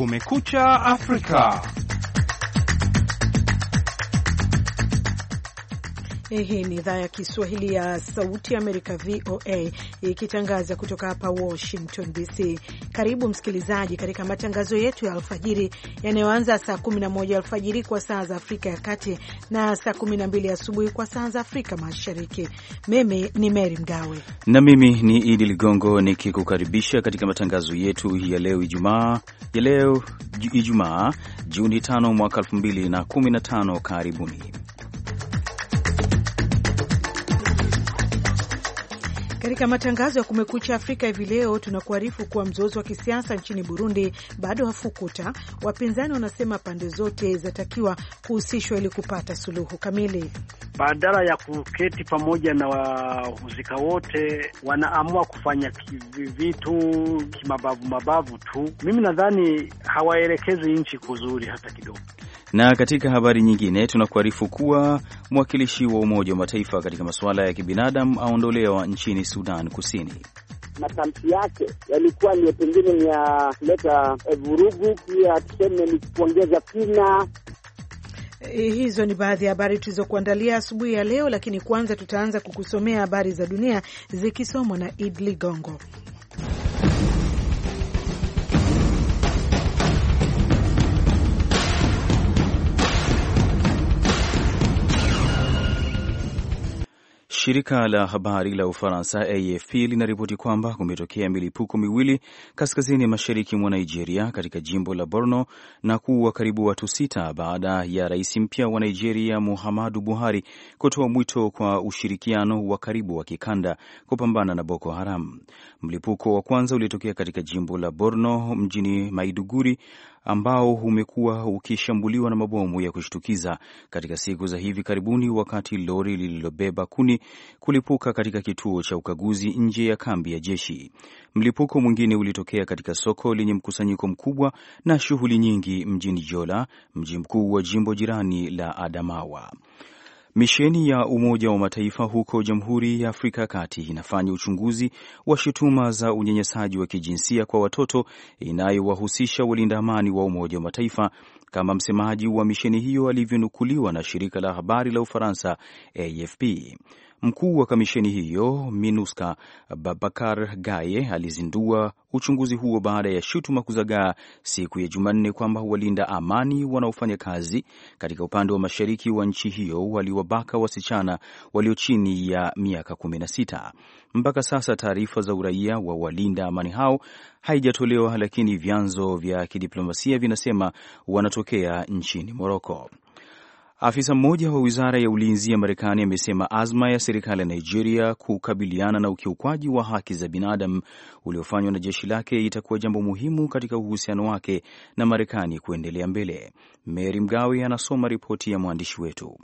Kumekucha Afrika. Hii ni idhaa ya Kiswahili ya Sauti ya Amerika, VOA, ikitangaza kutoka hapa Washington DC. Karibu msikilizaji katika matangazo yetu ya alfajiri yanayoanza saa 11 alfajiri kwa saa za Afrika ya Kati na saa 12 asubuhi kwa saa za Afrika Mashariki. Mimi ni Mary Mgawe na mimi ni Idi Ligongo nikikukaribisha katika matangazo yetu ya leo Ijumaa ya leo Ijumaa Juni 5 mwaka 2015. Karibuni. Katika matangazo ya Kumekucha Afrika hivi leo tunakuarifu kuwa mzozo wa kisiasa nchini Burundi bado hafukuta. Wapinzani wanasema pande zote zinatakiwa kuhusishwa ili kupata suluhu kamili. Badala ya kuketi pamoja na wahusika wote, wanaamua kufanya vitu kimabavu mabavu tu. Mimi nadhani hawaelekezi nchi kuzuri hata kidogo. Na katika habari nyingine tunakuarifu kuwa mwakilishi wa Umoja wa Mataifa katika masuala ya kibinadamu aondolewa nchini Sudan Kusini. Matamshi yake yalikuwa ni pengine ni yaleta eh, vurugu, pia tuseme ni kuongeza kina. Eh, hizo ni baadhi ya habari tulizokuandalia asubuhi ya leo, lakini kwanza tutaanza kukusomea habari za dunia zikisomwa na Id gongo Shirika la habari la Ufaransa AFP linaripoti kwamba kumetokea milipuko miwili kaskazini mashariki mwa Nigeria katika jimbo la Borno na kuua karibu watu sita baada ya rais mpya wa Nigeria Muhammadu Buhari kutoa mwito kwa ushirikiano wa karibu wa kikanda kupambana na Boko Haram. Mlipuko wa kwanza ulitokea katika jimbo la Borno mjini Maiduguri ambao umekuwa ukishambuliwa na mabomu ya kushtukiza katika siku za hivi karibuni, wakati lori lililobeba kuni kulipuka katika kituo cha ukaguzi nje ya kambi ya jeshi. Mlipuko mwingine ulitokea katika soko lenye mkusanyiko mkubwa na shughuli nyingi mjini Jola, mji mkuu wa jimbo jirani la Adamawa. Misheni ya Umoja wa Mataifa huko Jamhuri ya Afrika ya Kati inafanya uchunguzi wa shutuma za unyanyasaji wa kijinsia kwa watoto inayowahusisha walinda amani wa Umoja wa Mataifa, kama msemaji wa misheni hiyo alivyonukuliwa na shirika la habari la Ufaransa AFP. Mkuu wa kamisheni hiyo MINUSCA Babakar Gaye alizindua uchunguzi huo baada ya shutuma kuzagaa siku ya Jumanne kwamba walinda amani wanaofanya kazi katika upande wa mashariki wa nchi hiyo waliwabaka wasichana walio chini ya miaka 16. Mpaka sasa taarifa za uraia wa walinda amani hao haijatolewa, lakini vyanzo vya kidiplomasia vinasema wanatokea nchini Moroko. Afisa mmoja wa wizara ya ulinzi ya Marekani amesema azma ya serikali ya Nigeria kukabiliana na ukiukwaji wa haki za binadamu uliofanywa na jeshi lake itakuwa jambo muhimu katika uhusiano wake na Marekani kuendelea mbele. Mary Mgawe anasoma ripoti ya mwandishi wetu.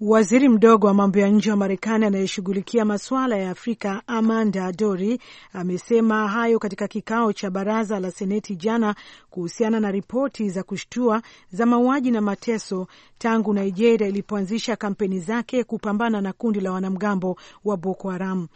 Waziri mdogo wa mambo ya nje wa Marekani anayeshughulikia masuala ya Afrika Amanda Dori amesema hayo katika kikao cha baraza la Seneti jana kuhusiana na ripoti za kushtua za mauaji na mateso tangu Nigeria ilipoanzisha kampeni zake kupambana na kundi la wanamgambo wa Boko Haram.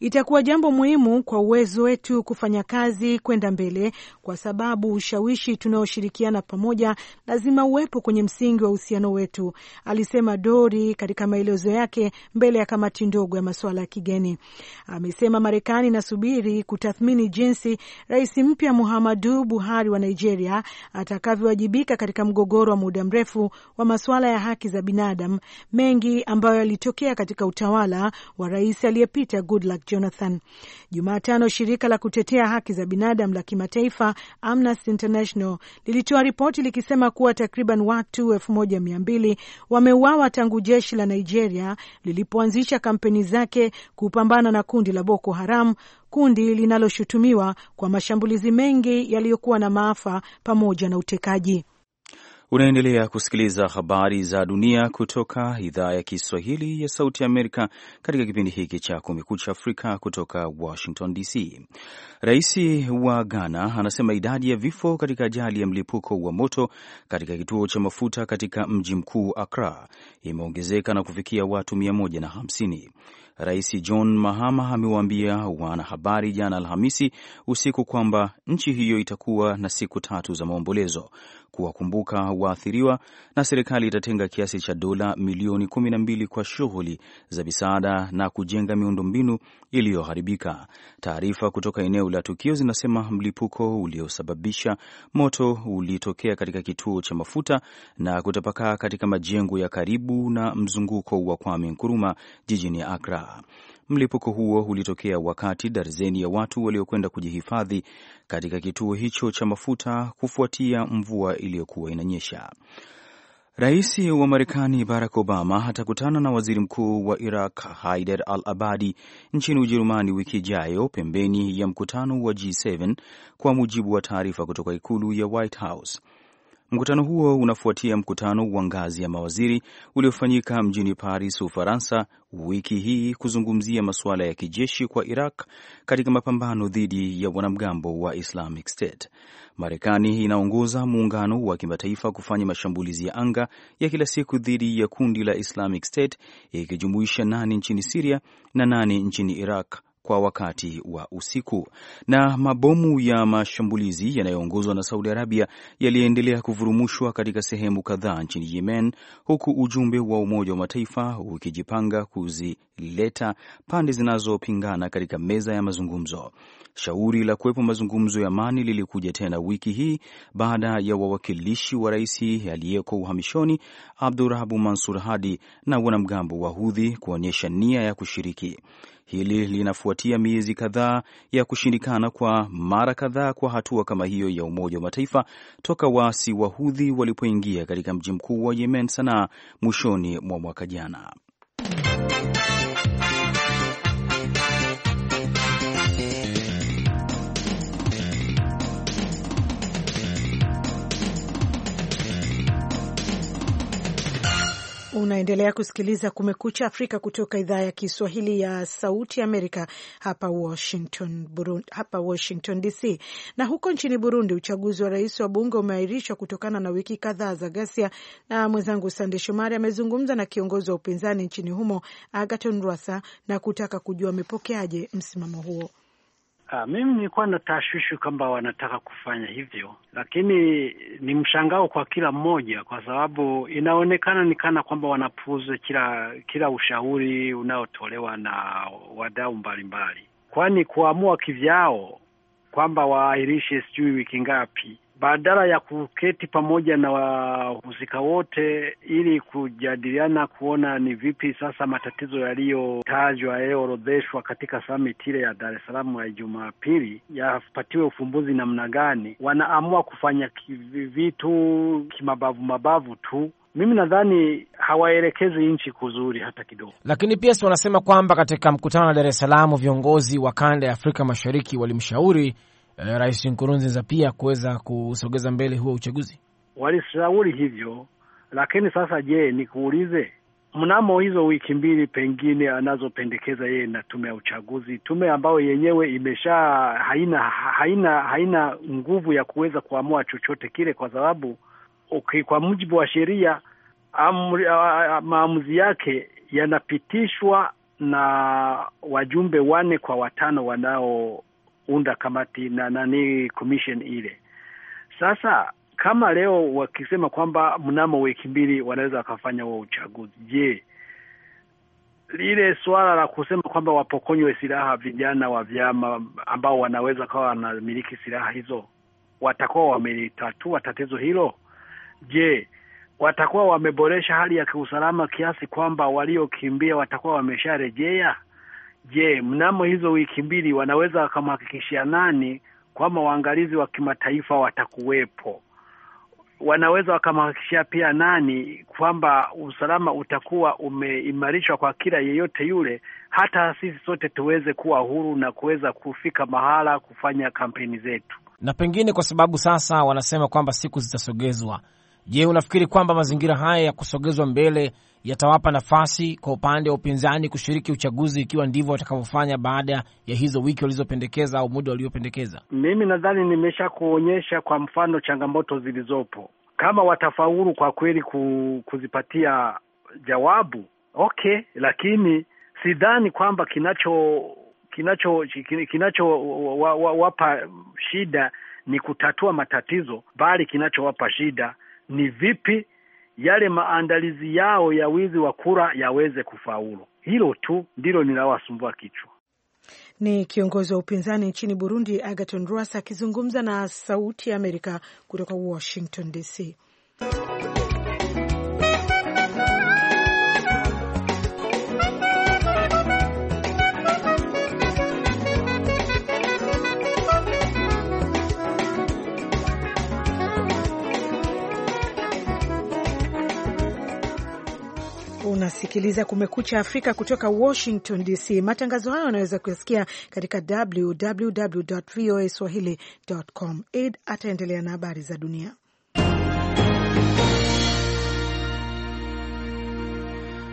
Itakuwa jambo muhimu kwa uwezo wetu kufanya kazi kwenda mbele, kwa sababu ushawishi tunaoshirikiana pamoja lazima uwepo kwenye msingi wa uhusiano wetu, alisema Dori katika maelezo yake mbele ya kamati ndogo ya masuala ya kigeni. Amesema Marekani inasubiri kutathmini jinsi rais mpya Muhammadu Buhari wa Nigeria atakavyowajibika katika mgogoro wa muda mrefu wa masuala ya haki za binadamu, mengi ambayo yalitokea katika utawala wa rais aliyepita Goodluck Jonathan. Jumatano, shirika la kutetea haki za binadamu la kimataifa Amnesty International lilitoa ripoti likisema kuwa takriban watu elfu moja mia mbili wameuawa tangu jeshi jeshi la Nigeria lilipoanzisha kampeni zake kupambana na kundi la Boko Haram, kundi linaloshutumiwa kwa mashambulizi mengi yaliyokuwa na maafa pamoja na utekaji. Unaendelea kusikiliza habari za dunia kutoka idhaa ya Kiswahili ya Sauti ya Amerika katika kipindi hiki cha Kumekucha Afrika kutoka Washington DC. Rais wa Ghana anasema idadi ya vifo katika ajali ya mlipuko wa moto katika kituo cha mafuta katika mji mkuu Accra imeongezeka na kufikia watu 150. Rais John Mahama amewaambia wanahabari jana Alhamisi usiku kwamba nchi hiyo itakuwa na siku tatu za maombolezo kuwakumbuka waathiriwa, na serikali itatenga kiasi cha dola milioni kumi na mbili kwa shughuli za misaada na kujenga miundombinu iliyoharibika. Taarifa kutoka eneo la tukio zinasema mlipuko uliosababisha moto ulitokea katika kituo cha mafuta na kutapakaa katika majengo ya karibu na mzunguko wa Kwame Nkuruma jijini Akra kadhaa. Mlipuko huo ulitokea wakati darzeni ya watu waliokwenda kujihifadhi katika kituo hicho cha mafuta kufuatia mvua iliyokuwa inanyesha. Rais wa Marekani Barack Obama atakutana na waziri mkuu wa Iraq Haider al Abadi nchini Ujerumani wiki ijayo pembeni ya mkutano wa G7 kwa mujibu wa taarifa kutoka ikulu ya White House. Mkutano huo unafuatia mkutano wa ngazi ya mawaziri uliofanyika mjini Paris, Ufaransa, wiki hii kuzungumzia masuala ya kijeshi kwa Iraq katika mapambano dhidi ya wanamgambo wa Islamic State. Marekani inaongoza muungano wa kimataifa kufanya mashambulizi ya anga ya kila siku dhidi ya kundi la Islamic State ikijumuisha nane nchini Siria na nane nchini Iraq kwa wakati wa usiku. Na mabomu ya mashambulizi yanayoongozwa na Saudi Arabia yaliendelea kuvurumushwa katika sehemu kadhaa nchini Yemen, huku ujumbe wa Umoja wa Mataifa ukijipanga kuzileta pande zinazopingana katika meza ya mazungumzo. Shauri la kuwepo mazungumzo ya amani lilikuja tena wiki hii baada ya wawakilishi wa rais aliyeko uhamishoni Abdurahabu Mansur Hadi na wanamgambo wa Hudhi kuonyesha nia ya kushiriki. Hili linafuatia miezi kadhaa ya kushindikana kwa mara kadhaa kwa hatua kama hiyo ya Umoja wa Mataifa toka waasi wa Hudhi walipoingia katika mji mkuu wa Yemen, Sanaa, mwishoni mwa mwaka jana. Unaendelea kusikiliza Kumekucha Afrika kutoka idhaa ya Kiswahili ya Sauti Amerika hapa Washington, Burundi, hapa Washington DC. Na huko nchini Burundi, uchaguzi wa rais wa bunge umeahirishwa kutokana na wiki kadhaa za ghasia, na mwenzangu Sande Shomari amezungumza na kiongozi wa upinzani nchini humo Agaton Rwasa na kutaka kujua amepokeaje msimamo huo. Ha, ah, mimi nilikuwa na tashwishi kwamba wanataka kufanya hivyo, lakini ni mshangao kwa kila mmoja, kwa sababu inaonekana ni kana kwamba wanapuuza kila kila ushauri unaotolewa na wadau mbalimbali, kwani kuamua kivyao kwamba waahirishe sijui wiki ngapi badala ya kuketi pamoja na wahusika wote ili kujadiliana kuona ni vipi sasa matatizo yaliyotajwa yaliyoorodheshwa katika summit ile ya Dar es Salaam ya Jumapili yapatiwe ufumbuzi namna gani, wanaamua kufanya vitu kimabavu mabavu tu. Mimi nadhani hawaelekezi nchi kuzuri hata kidogo. Lakini pia si wanasema kwamba katika mkutano wa Dar es Salaam viongozi wa kanda ya Afrika Mashariki walimshauri Rais Nkurunziza pia kuweza kusogeza mbele huo uchaguzi? Walishauri hivyo, lakini sasa, je, nikuulize, mnamo hizo wiki mbili pengine anazopendekeza yeye na tume ya uchaguzi, tume ambayo yenyewe imesha haina haina haina nguvu ya kuweza kuamua chochote kile, kwa sababu okay, kwa mujibu wa sheria maamuzi yake yanapitishwa na wajumbe wane kwa watano wanao unda kamati na nani commission ile. Sasa kama leo wakisema kwamba mnamo wiki mbili wanaweza wakafanya huo uchaguzi, je, lile suala la kusema kwamba wapokonywe silaha vijana wa vyama ambao wanaweza kawa wanamiliki silaha hizo, watakuwa wamelitatua tatizo hilo? Je, watakuwa wameboresha hali ya kiusalama kiasi kwamba waliokimbia watakuwa wamesharejea? Je, mnamo hizo wiki mbili wanaweza wakamhakikishia nani kwamba waangalizi wa kimataifa watakuwepo? Wanaweza wakamhakikishia pia nani kwamba usalama utakuwa umeimarishwa kwa kila yeyote yule, hata sisi sote tuweze kuwa huru na kuweza kufika mahala kufanya kampeni zetu? Na pengine kwa sababu sasa wanasema kwamba siku zitasogezwa Je, unafikiri kwamba mazingira haya ya kusogezwa mbele yatawapa nafasi kwa upande wa upinzani kushiriki uchaguzi ikiwa ndivyo watakavyofanya baada ya hizo wiki walizopendekeza au muda waliopendekeza? Mimi nadhani nimesha kuonyesha kwa mfano changamoto zilizopo. Kama watafaulu kwa kweli kuzipatia jawabu okay, lakini sidhani kwamba kinacho kinacho kinachowapa wa, wa, shida ni kutatua matatizo, bali kinachowapa shida ni vipi yale maandalizi yao ya wizi wa kura yaweze kufaulu. Hilo tu ndilo ninawasumbua kichwa. Ni kiongozi wa upinzani nchini Burundi, Agaton Rwasa akizungumza na Sauti ya Amerika kutoka Washington DC. Unasikiliza Kumekucha Afrika kutoka Washington DC. Matangazo hayo yanaweza kuyasikia katika www voa swahilicom. Ed ataendelea na habari za dunia.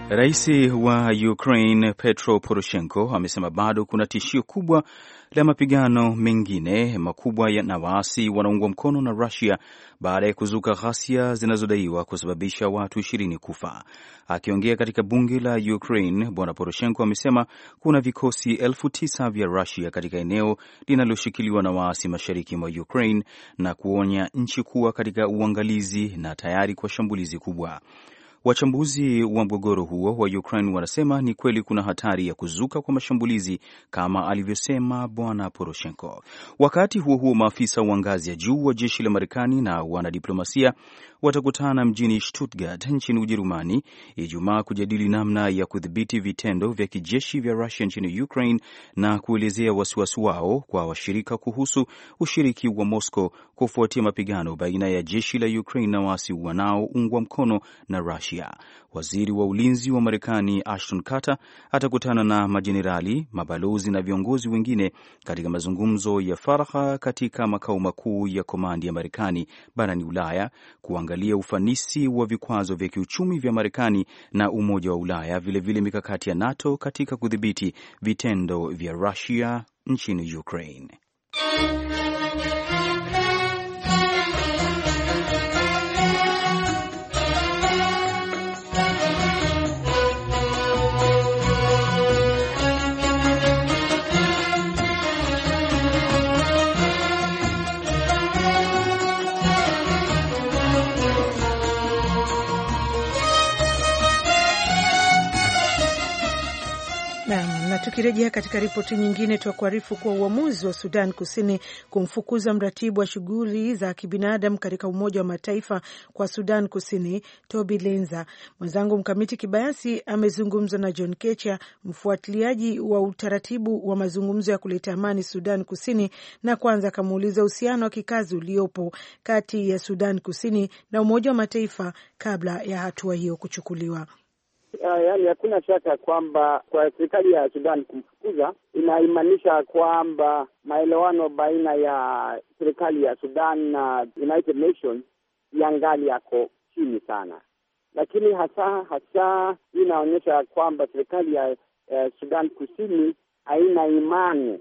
Rais wa Ukraine Petro Poroshenko amesema bado kuna tishio kubwa la mapigano mengine makubwa na waasi wanaungwa mkono na Rusia baada ya kuzuka ghasia zinazodaiwa kusababisha watu ishirini kufa. Akiongea katika bunge la Ukraine, Bwana Poroshenko amesema kuna vikosi elfu tisa vya Rusia katika eneo linaloshikiliwa na waasi mashariki mwa Ukraine na kuonya nchi kuwa katika uangalizi na tayari kwa shambulizi kubwa. Wachambuzi wa mgogoro huo wa Ukraine wanasema ni kweli kuna hatari ya kuzuka kwa mashambulizi kama alivyosema Bwana Poroshenko. Wakati huo huo, maafisa wa ngazi ya juu wa jeshi la Marekani na wanadiplomasia watakutana mjini Stuttgart nchini Ujerumani Ijumaa kujadili namna ya kudhibiti vitendo vya kijeshi vya Rusia nchini Ukraine na kuelezea wasiwasi wao kwa washirika kuhusu ushiriki wa Moscow kufuatia mapigano baina ya jeshi la Ukraine na waasi wanaoungwa mkono na Rusia. Waziri wa ulinzi wa Marekani Ashton Carter atakutana na majenerali, mabalozi na viongozi wengine katika mazungumzo ya faragha katika makao makuu ya komandi ya Marekani barani Ulaya kuanga kuangalia ufanisi wa vikwazo vya kiuchumi vya Marekani na Umoja wa Ulaya, vilevile mikakati ya NATO katika kudhibiti vitendo vya Rusia nchini Ukraine. tukirejea katika ripoti nyingine, kuharifu kuwa uamuzi wa Sudan Kusini kumfukuza mratibu wa shughuli za kibinadamu katika Umoja wa Mataifa kwa Sudan Kusini, Toby Lenza. Mwenzangu Mkamiti Kibayasi amezungumza na John Kecha, mfuatiliaji wa utaratibu wa mazungumzo ya kuleta amani Sudan Kusini, na kwanza akamuuliza uhusiano wa kikazi uliopo kati ya Sudan Kusini na Umoja wa Mataifa kabla ya hatua hiyo kuchukuliwa yaani hakuna shaka kwamba kwa serikali ya Sudan kumfukuza inaimanisha kwamba maelewano baina ya serikali ya Sudan na United Nations yangali yako chini sana, lakini hasa hasa hii inaonyesha kwamba serikali ya eh, Sudan Kusini haina imani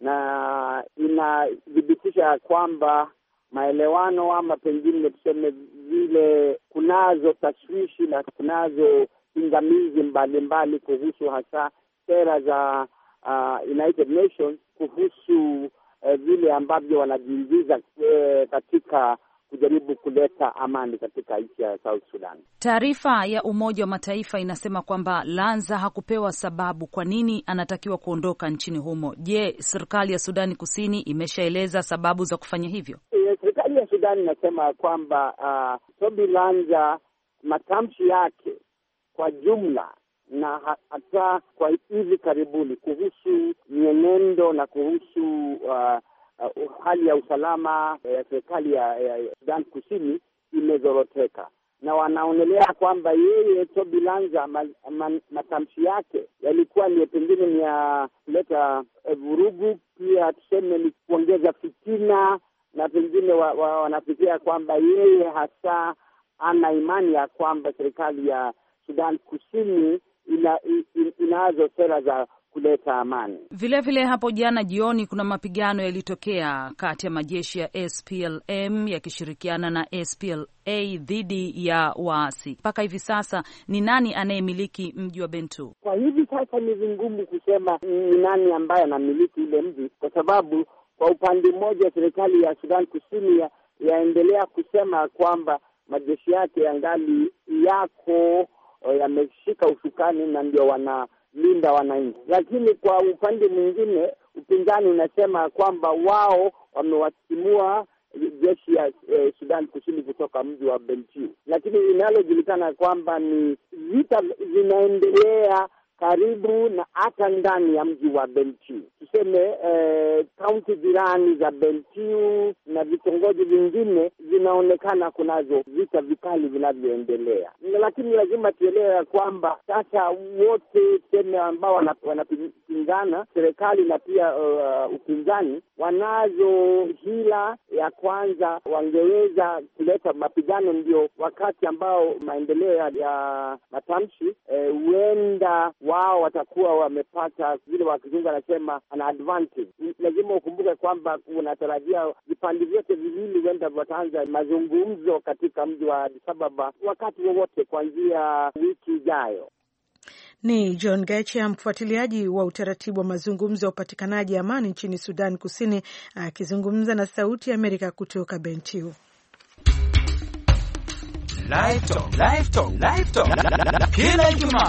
na inathibitisha kwamba maelewano ama pengine tuseme vile kunazo tashwishi na kunazo pingamizi mbalimbali kuhusu hasa sera za uh, United Nations kuhusu uh, vile uh, ambavyo wanajiingiza uh, katika kujaribu kuleta amani katika nchi ya South Sudan. Taarifa ya Umoja wa Mataifa inasema kwamba Lanza hakupewa sababu kwa nini anatakiwa kuondoka nchini humo. Je, serikali ya Sudani Kusini imeshaeleza sababu za kufanya hivyo? E, serikali ya Sudani inasema kwamba uh, Toby Lanza matamshi yake kwa jumla na hata kwa hivi karibuni kuhusu mienendo na kuhusu uh, uh, hali ya usalama uh, ya serikali ya, ya Sudan Kusini imezoroteka, na wanaonelea kwamba yeye tobilanza Lanza ma, ma, matamshi yake yalikuwa ni pengine ni ya kuleta uh, vurugu, pia tuseme ni kuongeza fitina, na pengine wa, wa, wanafikiria kwamba yeye hasa ana imani ya kwamba serikali ya Sudan Kusini ina, ina, inazo sera za kuleta amani. Vilevile vile hapo jana jioni kuna mapigano yalitokea kati ya majeshi ya SPLM yakishirikiana na SPLA dhidi ya waasi. Mpaka hivi sasa ni nani anayemiliki mji wa Bentu? Kwa hivi sasa ni vingumu kusema ni nani ambaye anamiliki ule mji, kwa sababu kwa upande mmoja serikali ya Sudan Kusini ya, yaendelea kusema kwamba majeshi yake yangali yako Eh, yameshika usukani na ndio wanalinda wananchi. Lakini kwa upande mwingine, upinzani unasema kwamba wao wamewatimua jeshi ya eh, Sudan Kusini kutoka mji wa Bentiu, lakini inalojulikana kwamba ni vita vinaendelea karibu na hata ndani ya mji wa Belgiu, tuseme eh, kaunti eh, jirani za Belgiu na vitongoji vingine zinaonekana kunazo vita vikali vinavyoendelea, lakini lazima tuelewe ya kwamba sasa wote tena ambao wanapingana serikali na pia uh, upinzani wanazo hila ya kwanza, wangeweza kuleta mapigano, ndio wakati ambao maendeleo ya matamshi eh, huenda eh, wao watakuwa wamepata vile wakizungu anasema an advantage. Lazima ukumbuke kwamba unatarajia vipande vyote viwili huenda wataanza mazungumzo katika mji wa Addis Ababa wakati wowote kuanzia wiki ijayo. Ni John gacha mfuatiliaji wa utaratibu wa mazungumzo ya upatikanaji amani nchini Sudan Kusini, akizungumza na Sauti ya Amerika kutoka Bentiu. Kila Ijumaa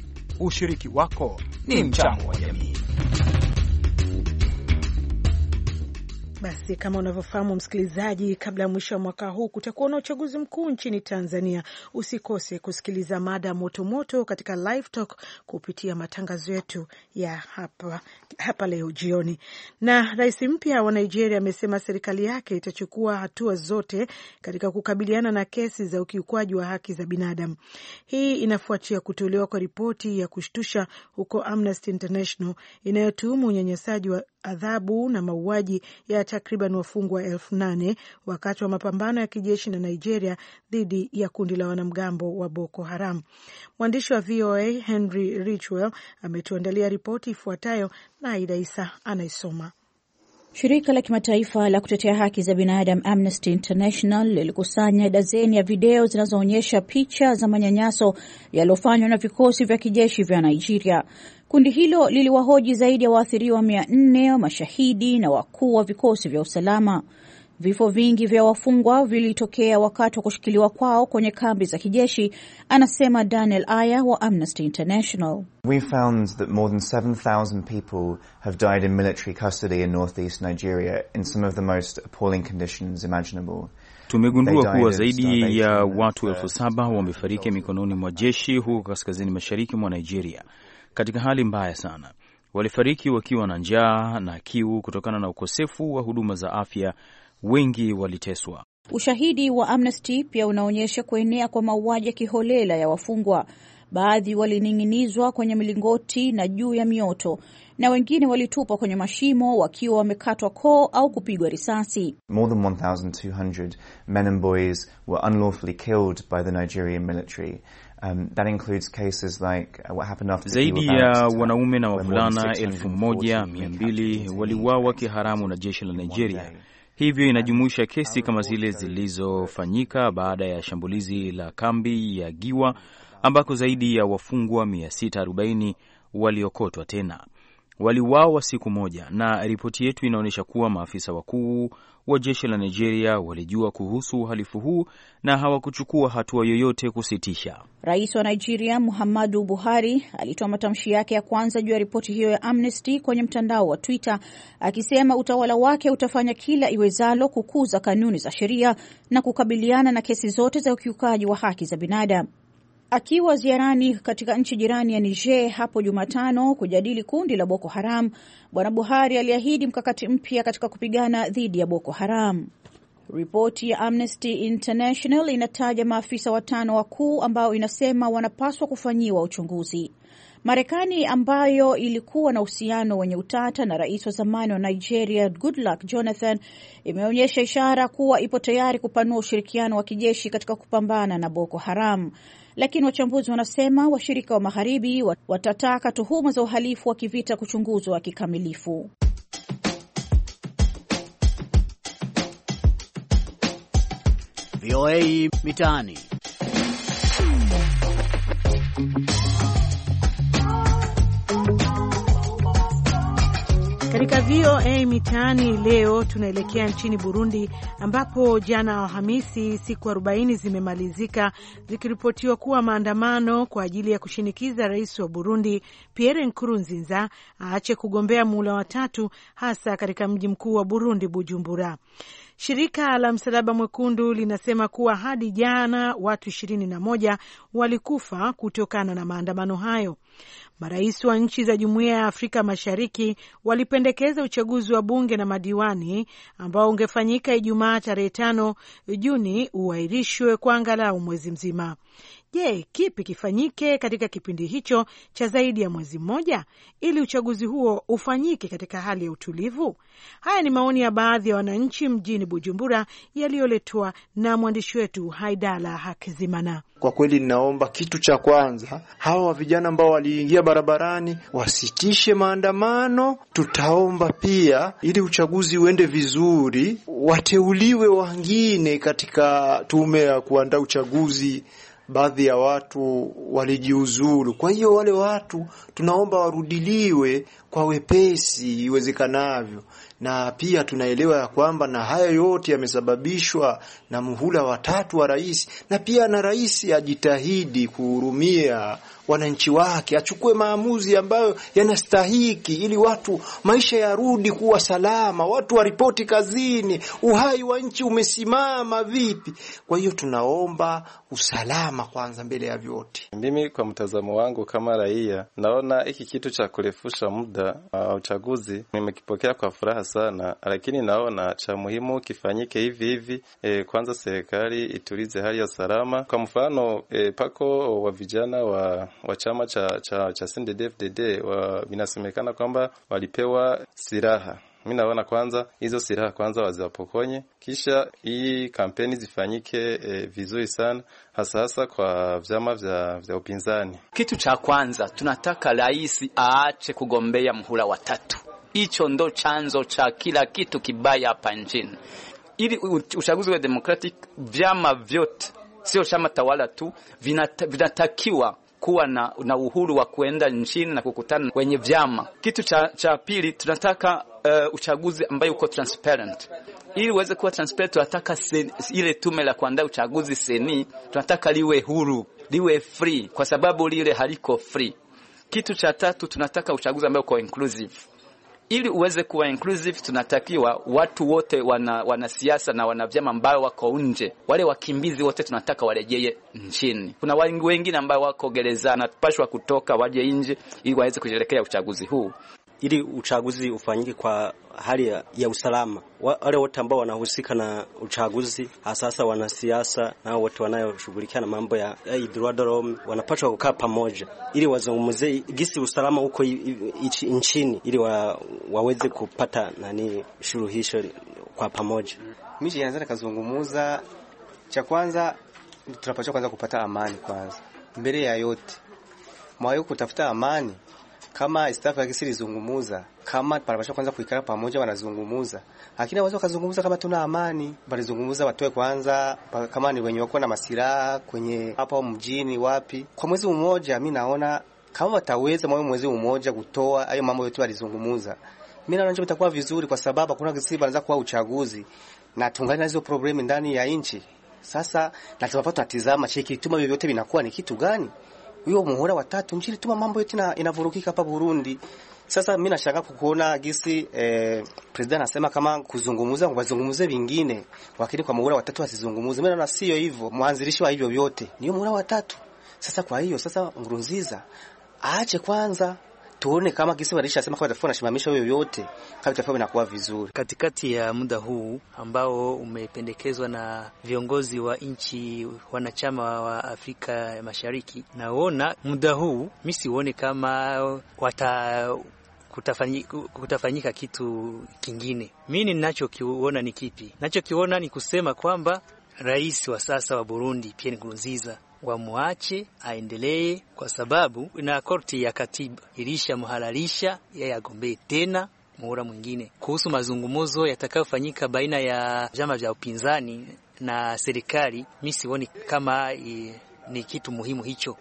Ushiriki wako ni mchango wa jamii. Basi kama unavyofahamu msikilizaji, kabla ya mwisho wa mwaka huu kutakuwa na uchaguzi mkuu nchini Tanzania. Usikose kusikiliza mada motomoto katika Live Talk kupitia matangazo yetu ya hapa, hapa leo jioni. Na rais mpya wa Nigeria amesema serikali yake itachukua hatua zote katika kukabiliana na kesi za ukiukwaji wa haki za binadamu. Hii inafuatia kutolewa kwa ripoti ya kushtusha huko Amnesty International inayotuhumu unyanyasaji wa adhabu na mauaji ya takriban wafungwa elfu nane wakati wa mapambano ya kijeshi na Nigeria dhidi ya kundi la wanamgambo wa Boko Haram. Mwandishi wa VOA Henry Richwell ametuandalia ripoti ifuatayo na Aida Isa anaisoma. Shirika la kimataifa la kutetea haki za binadamu Amnesty International lilikusanya dazeni ya video zinazoonyesha picha za manyanyaso yaliyofanywa na vikosi vya kijeshi vya Nigeria Kundi hilo liliwahoji zaidi ya waathiriwa mia nne, mashahidi na wakuu wa vikosi vya usalama. Vifo vingi vya wafungwa vilitokea wakati wa kushikiliwa kwao kwenye kambi za kijeshi, anasema Daniel Aya wa Amnesty International. We found that more than 7,000 people have died in military custody in northeast Nigeria in some of the most appalling conditions imaginable. Tumegundua kuwa zaidi ya watu elfu saba wamefariki mikononi mwa jeshi huko kaskazini mashariki mwa Nigeria katika hali mbaya sana. Walifariki wakiwa na njaa na kiu kutokana na ukosefu wa huduma za afya. Wengi waliteswa. Ushahidi wa Amnesty pia unaonyesha kuenea kwa mauaji ya kiholela ya wafungwa. Baadhi walining'inizwa kwenye milingoti na juu ya mioto na wengine walitupwa kwenye mashimo wakiwa wamekatwa koo au kupigwa risasi. More than 1200 men and boys were unlawfully killed by the Nigerian military Um, that includes cases like uh, what happened after zaidi ya wanaume na wavulana elfu moja mia mbili waliuawa kiharamu na jeshi la Nigeria. Hivyo inajumuisha kesi kama zile zilizofanyika baada ya shambulizi la kambi ya Giwa ambako zaidi ya wafungwa 640 waliokotwa tena waliuawa siku moja, na ripoti yetu inaonyesha kuwa maafisa wakuu wa jeshi la Nigeria walijua kuhusu uhalifu huu na hawakuchukua hatua yoyote kusitisha. Rais wa Nigeria Muhammadu Buhari alitoa matamshi yake ya kwanza juu ya ripoti hiyo ya Amnesty kwenye mtandao wa Twitter akisema utawala wake utafanya kila iwezalo kukuza kanuni za sheria na kukabiliana na kesi zote za ukiukaji wa haki za binadamu. Akiwa ziarani katika nchi jirani ya Niger hapo Jumatano kujadili kundi la Boko Haram, Bwana Buhari aliahidi mkakati mpya katika kupigana dhidi ya Boko Haram. Ripoti ya Amnesty International inataja maafisa watano wakuu ambao inasema wanapaswa kufanyiwa uchunguzi. Marekani ambayo ilikuwa na uhusiano wenye utata na rais wa zamani wa Nigeria Goodluck Jonathan imeonyesha ishara kuwa ipo tayari kupanua ushirikiano wa kijeshi katika kupambana na Boko Haram lakini wachambuzi wanasema washirika wa magharibi watataka tuhuma za uhalifu wa kivita kuchunguzwa kikamilifu. VOA Mitaani. Katika VOA Mitaani leo tunaelekea nchini Burundi, ambapo jana Alhamisi, siku 40 zimemalizika zikiripotiwa kuwa maandamano kwa ajili ya kushinikiza rais wa Burundi Pierre Nkurunziza aache kugombea muhula wa tatu, hasa katika mji mkuu wa Burundi, Bujumbura. Shirika la Msalaba Mwekundu linasema kuwa hadi jana watu ishirini na moja walikufa kutokana na maandamano hayo. Marais wa nchi za Jumuiya ya Afrika Mashariki walipendekeza uchaguzi wa bunge na madiwani ambao ungefanyika Ijumaa tarehe tano Juni uahirishwe kwa angalau mwezi mzima. Je, kipi kifanyike katika kipindi hicho cha zaidi ya mwezi mmoja ili uchaguzi huo ufanyike katika hali ya utulivu? Haya ni maoni ya baadhi ya wananchi mjini Bujumbura yaliyoletwa na mwandishi wetu Haidala Hakizimana. Kwa kweli, ninaomba kitu cha kwanza, hawa vijana ambao waliingia barabarani, wasitishe maandamano. Tutaomba pia ili uchaguzi uende vizuri, wateuliwe wengine katika tume ya kuandaa uchaguzi. Baadhi ya watu walijiuzuru, kwa hiyo wale watu tunaomba warudiliwe kwa wepesi iwezekanavyo, na pia tunaelewa ya kwamba na haya yote yamesababishwa na muhula watatu wa rais, na pia na rais ajitahidi kuhurumia wananchi wake, achukue maamuzi ambayo yanastahiki, ili watu maisha yarudi kuwa salama, watu waripoti kazini, uhai wa nchi umesimama vipi. Kwa hiyo tunaomba usalama kwanza mbele ya vyote. Mimi kwa mtazamo wangu kama raia, naona hiki kitu cha kurefusha muda wa uh, uchaguzi nimekipokea kwa furaha sana, lakini naona cha muhimu kifanyike hivi hivi. E, kwanza serikali itulize hali ya salama. Kwa mfano e, pako wa vijana wa wa chama cha cha, cha CNDD-FDD vinasemekana kwamba walipewa silaha. Mi naona kwanza hizo silaha kwanza waziwapokonye, kisha hii kampeni zifanyike e, vizuri sana hasa hasa kwa vyama vya, vya upinzani. Kitu cha kwanza tunataka rais aache kugombea mhula wa tatu. Hicho ndo chanzo cha kila kitu kibaya hapa nchini. Ili uchaguzi wa democratic, vyama vyote sio chama tawala tu vinatakiwa kuwa na, na uhuru wa kuenda nchini na kukutana kwenye vyama. Kitu cha, cha pili tunataka uh, uchaguzi ambayo uko transparent. Ili uweze kuwa transparent, tunataka ile tume la kuandaa uchaguzi seni, tunataka liwe huru, liwe free, kwa sababu lile haliko free. Kitu cha tatu tunataka uchaguzi ambayo uko inclusive ili uweze kuwa inclusive, tunatakiwa watu wote, wana wanasiasa na wanavyama ambao wako nje, wale wakimbizi wote tunataka warejee nchini. Kuna wengi wengine ambao wako gerezani, wanapashwa kutoka waje nje ili waweze kusherekea uchaguzi huu ili uchaguzi ufanyike kwa hali ya, ya usalama. Wale wote ambao wanahusika na uchaguzi, hasasa wanasiasa na wote wanayoshughulikia na mambo ya idradrom, wanapaswa kukaa pamoja ili wazungumzie gisi usalama huko nchini, ili wa, waweze kupata nani suluhisho kwa pamoja. Mimi anza kazungumuza, cha kwanza tunapaswa kwanza kupata amani kwanza, mbele ya yote mwayo kutafuta amani kama staff ya kisi lizungumuza, kama parapasha kwanza kuikala pamoja, wanazungumuza, lakini wazo wakazungumuza kama tuna amani, walizungumuza watoe kwanza, kama ni wenye wako na masilaha kwenye hapa mjini wapi, kwa mwezi mmoja. Mimi naona kama wataweza mwa mwezi mmoja kutoa hayo mambo yote walizungumuza, mimi naona nje itakuwa vizuri, kwa sababu kuna kisi banaanza kuwa uchaguzi na tungana hizo problemi ndani ya nchi. Sasa natapata tatizama tutazama cheki tuma, vyovyote vinakuwa ni kitu gani huyo muhora wa tatu njiri tuma mambo yote inavurukika hapa Burundi. Sasa mimi nashangaa kukuona gisi eh, president anasema kama kuzungumuza wazungumuze vingine, lakini kwa muhura wa tatu asizungumuze. Mimi naona sio hivyo, mwanzilishi wa hivyo vyote ni muhora wa tatu. Sasa kwa hiyo sasa Nkurunziza aache kwanza tuone kama kisi asema kwa tafua nashimamisha hiyo yote, kama tafua inakuwa vizuri. Katikati ya muda huu ambao umependekezwa na viongozi wa nchi wanachama wa Afrika ya Mashariki, naona muda huu misi siuone kama wata Kutafanyika, kutafanyika kitu kingine. Mimi ninachokiona ni kipi? Nachokiona ni kusema kwamba rais wa sasa wa Burundi Pierre Nkurunziza wamwache aendelee, kwa sababu na korti ya katiba ilishamhalalisha yeye agombee tena muhula mwingine. Kuhusu mazungumzo yatakayofanyika baina ya vyama vya upinzani na serikali, mi sioni kama e, ni kitu muhimu hicho.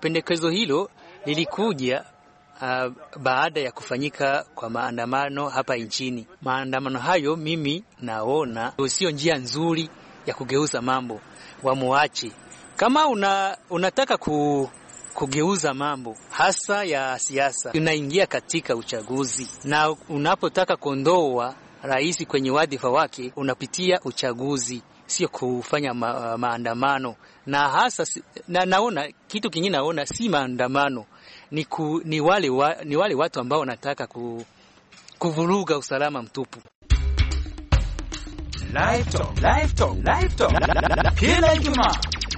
Pendekezo hilo lilikuja Uh, baada ya kufanyika kwa maandamano hapa nchini. Maandamano hayo mimi naona sio njia nzuri ya kugeuza mambo, wamuache kama una, unataka ku, kugeuza mambo hasa ya siasa, unaingia katika uchaguzi, na unapotaka kuondoa rais kwenye wadhifa wake unapitia uchaguzi, sio kufanya ma, maandamano na hasa na, naona kitu kingine naona si maandamano ni, ku, ni, wale wa, ni wale watu ambao wanataka ku, kuvuruga usalama mtupu. Live talk, live talk, live talk. Kila Ijumaa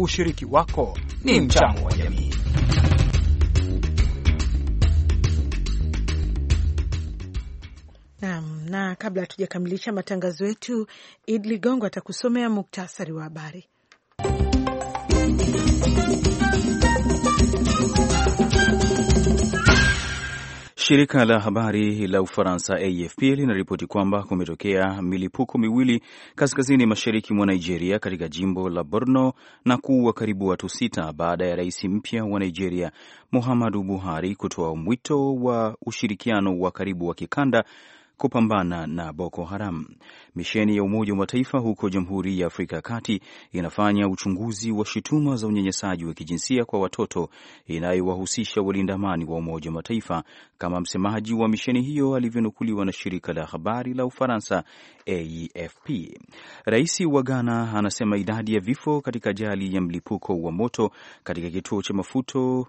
Ushiriki wako ni mchango wa jamii. Naam, na kabla hatujakamilisha matangazo yetu, Id Ligongo atakusomea muktasari wa habari. Shirika la habari la Ufaransa AFP linaripoti kwamba kumetokea milipuko miwili kaskazini mashariki mwa Nigeria katika jimbo la Borno na kuua karibu watu sita baada ya rais mpya wa Nigeria Muhammadu Buhari kutoa mwito wa ushirikiano wa karibu wa kikanda kupambana na Boko Haram. Misheni ya Umoja wa Mataifa huko Jamhuri ya Afrika ya Kati inafanya uchunguzi wa shutuma za unyanyasaji wa kijinsia kwa watoto inayowahusisha walinda amani wa Umoja wa Mataifa, kama msemaji wa misheni hiyo alivyonukuliwa na shirika la habari la Ufaransa AFP. E Rais wa Ghana anasema idadi ya vifo katika ajali ya mlipuko wa moto katika kituo cha mafuto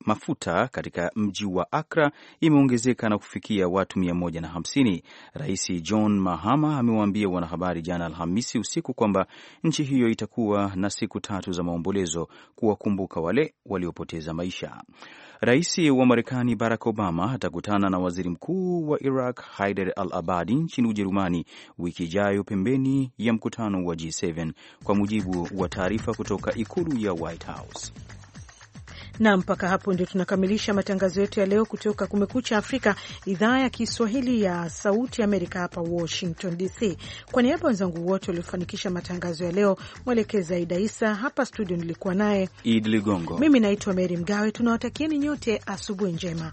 mafuta katika mji wa Akra imeongezeka na kufikia watu 150. Rais John Mahama amewaambia wanahabari jana Alhamisi usiku kwamba nchi hiyo itakuwa na siku tatu za maombolezo kuwakumbuka wale waliopoteza maisha. Rais wa Marekani Barack Obama atakutana na waziri mkuu wa Iraq Haider al-Abadi nchini Ujerumani wiki ijayo pembeni ya mkutano wa G7 kwa mujibu wa taarifa kutoka ikulu ya White House. Na mpaka hapo ndio tunakamilisha matangazo yetu ya leo kutoka Kumekucha Afrika, idhaa ya Kiswahili ya Sauti Amerika, hapa Washington DC. Kwa niaba wenzangu wote waliofanikisha matangazo ya leo, mwelekezi Aida Isa, hapa studio nilikuwa naye Idi Ligongo, mimi naitwa Meri Mgawe. Tunawatakieni nyote asubuhi njema.